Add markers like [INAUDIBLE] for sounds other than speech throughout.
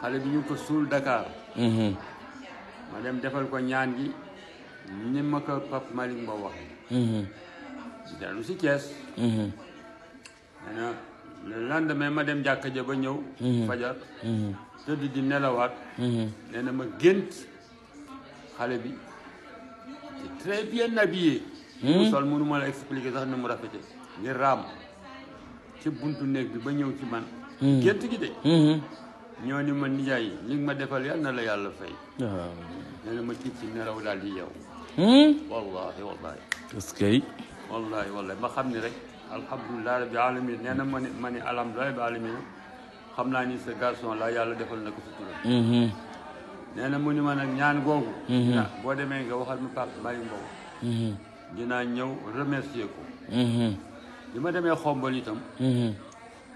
xale bi ñu ko suul Dakar. Mhm. ma dem defal ko ñaan gi ni ma ko Pape Malick Mbow waxee. Mhm. dellu si Thiès. Mhm. le lendemain ma dem jàkka ja ba ñëw. fajar. tëdd di nelawaat. nee ma gént xale bi c'est très bien habillé. mu sol mënu ma la expliquer sax ni mu rafete ngir raam ci buntu néeg bi ba ñëw ci man. gént gi de. ñoo ni ma nijaay li nga ma defal yal na la yàlla fay. waaw ma tiit ci nelaw daal di yow. Hmm? wallahi wallahi est-ce wallahi wallahi ma xam ni rek alhamdulilah rabbi alamin nee na ma ni ma ni alhamdulilah rabbi alamin xam naa ni sa garçon la yàlla defal na ko sutura. Hmm. nee na mu ni ma nag ñaan googu. Hmm. boo demee nga waxal mu Pape Mbaye Mbow. dinaa ñëw remercier ko. bi ma demee xombal itam.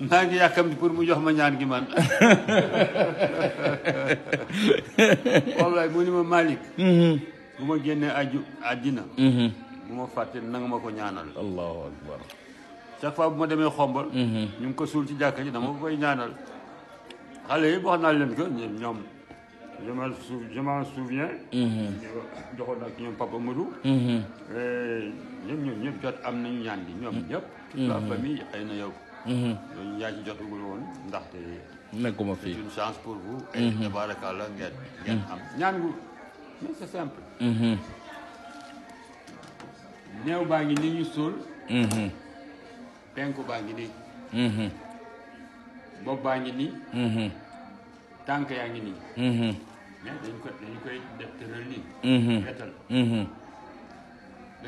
maa ngi yàkkamti pour mu jox ma ñaan gi man [LAUGHS] wallaay mu ni ma Malick mm-hmm. bu ma génnee aju àddina mm-hmm. bu ma fàtte nanga ma ko ñaanal allahu akbar chaque fois bu ma demee xombal mm-hmm. ñu ngi ko suul ci jàkka ji dama koy ñaanal xale yi wax naa leen que ñoom je m'en sou je joxoon ak ñoom papa Modou eh, ñoom ñoom jot am nañu ñaan gi ñoom ñëpp la famille ay na yow loolu yaa ci jotagul woon ndaxte. nekkuma fii c'est une mm-hmm. mm-hmm. mm-hmm. baa ngi ni ñu suul. penku baa ngi nii. bopp baa ngi nii. tànk yaa ngi nii. mais dañ ko dañ koy def tëral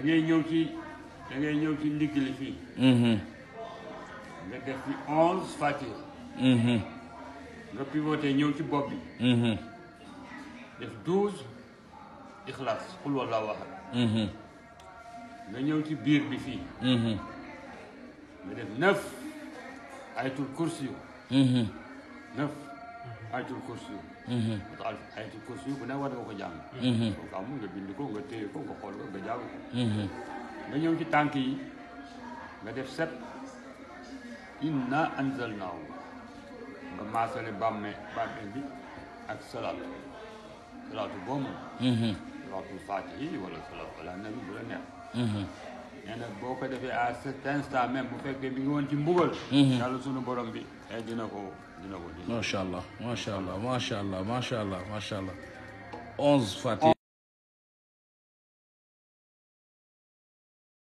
ñëw ci da ngay fii. nga def fi onze fatiha mhm. nga pivoté ñëw ci bopp bi mhm. def douze ixlaas xul wallaahu ahad mhm. nga ñëw ci biir bi fii nga def neuf ayatul kursi yu neuf ayatul kursi yu parce que ayatul kursi yu bu ne war nga ko jàng boo ko nga bind ko nga téye nga ñëw ci tànk yi nga def sept inna anzalnaahu nga maasale bàmme bàmme bi ak salaatu salaatu boo mën mm-hmm. salaatul faatihi wala salaatu ala nabi bu la neex mm-hmm. nee na boo ko defee à cet instant bu fekkee mi ngi woon ci mm-hmm. yàlla sunu borom bi eh, ay ko dina ko allah macha allah macha allah macha allah macha allah onze faatihi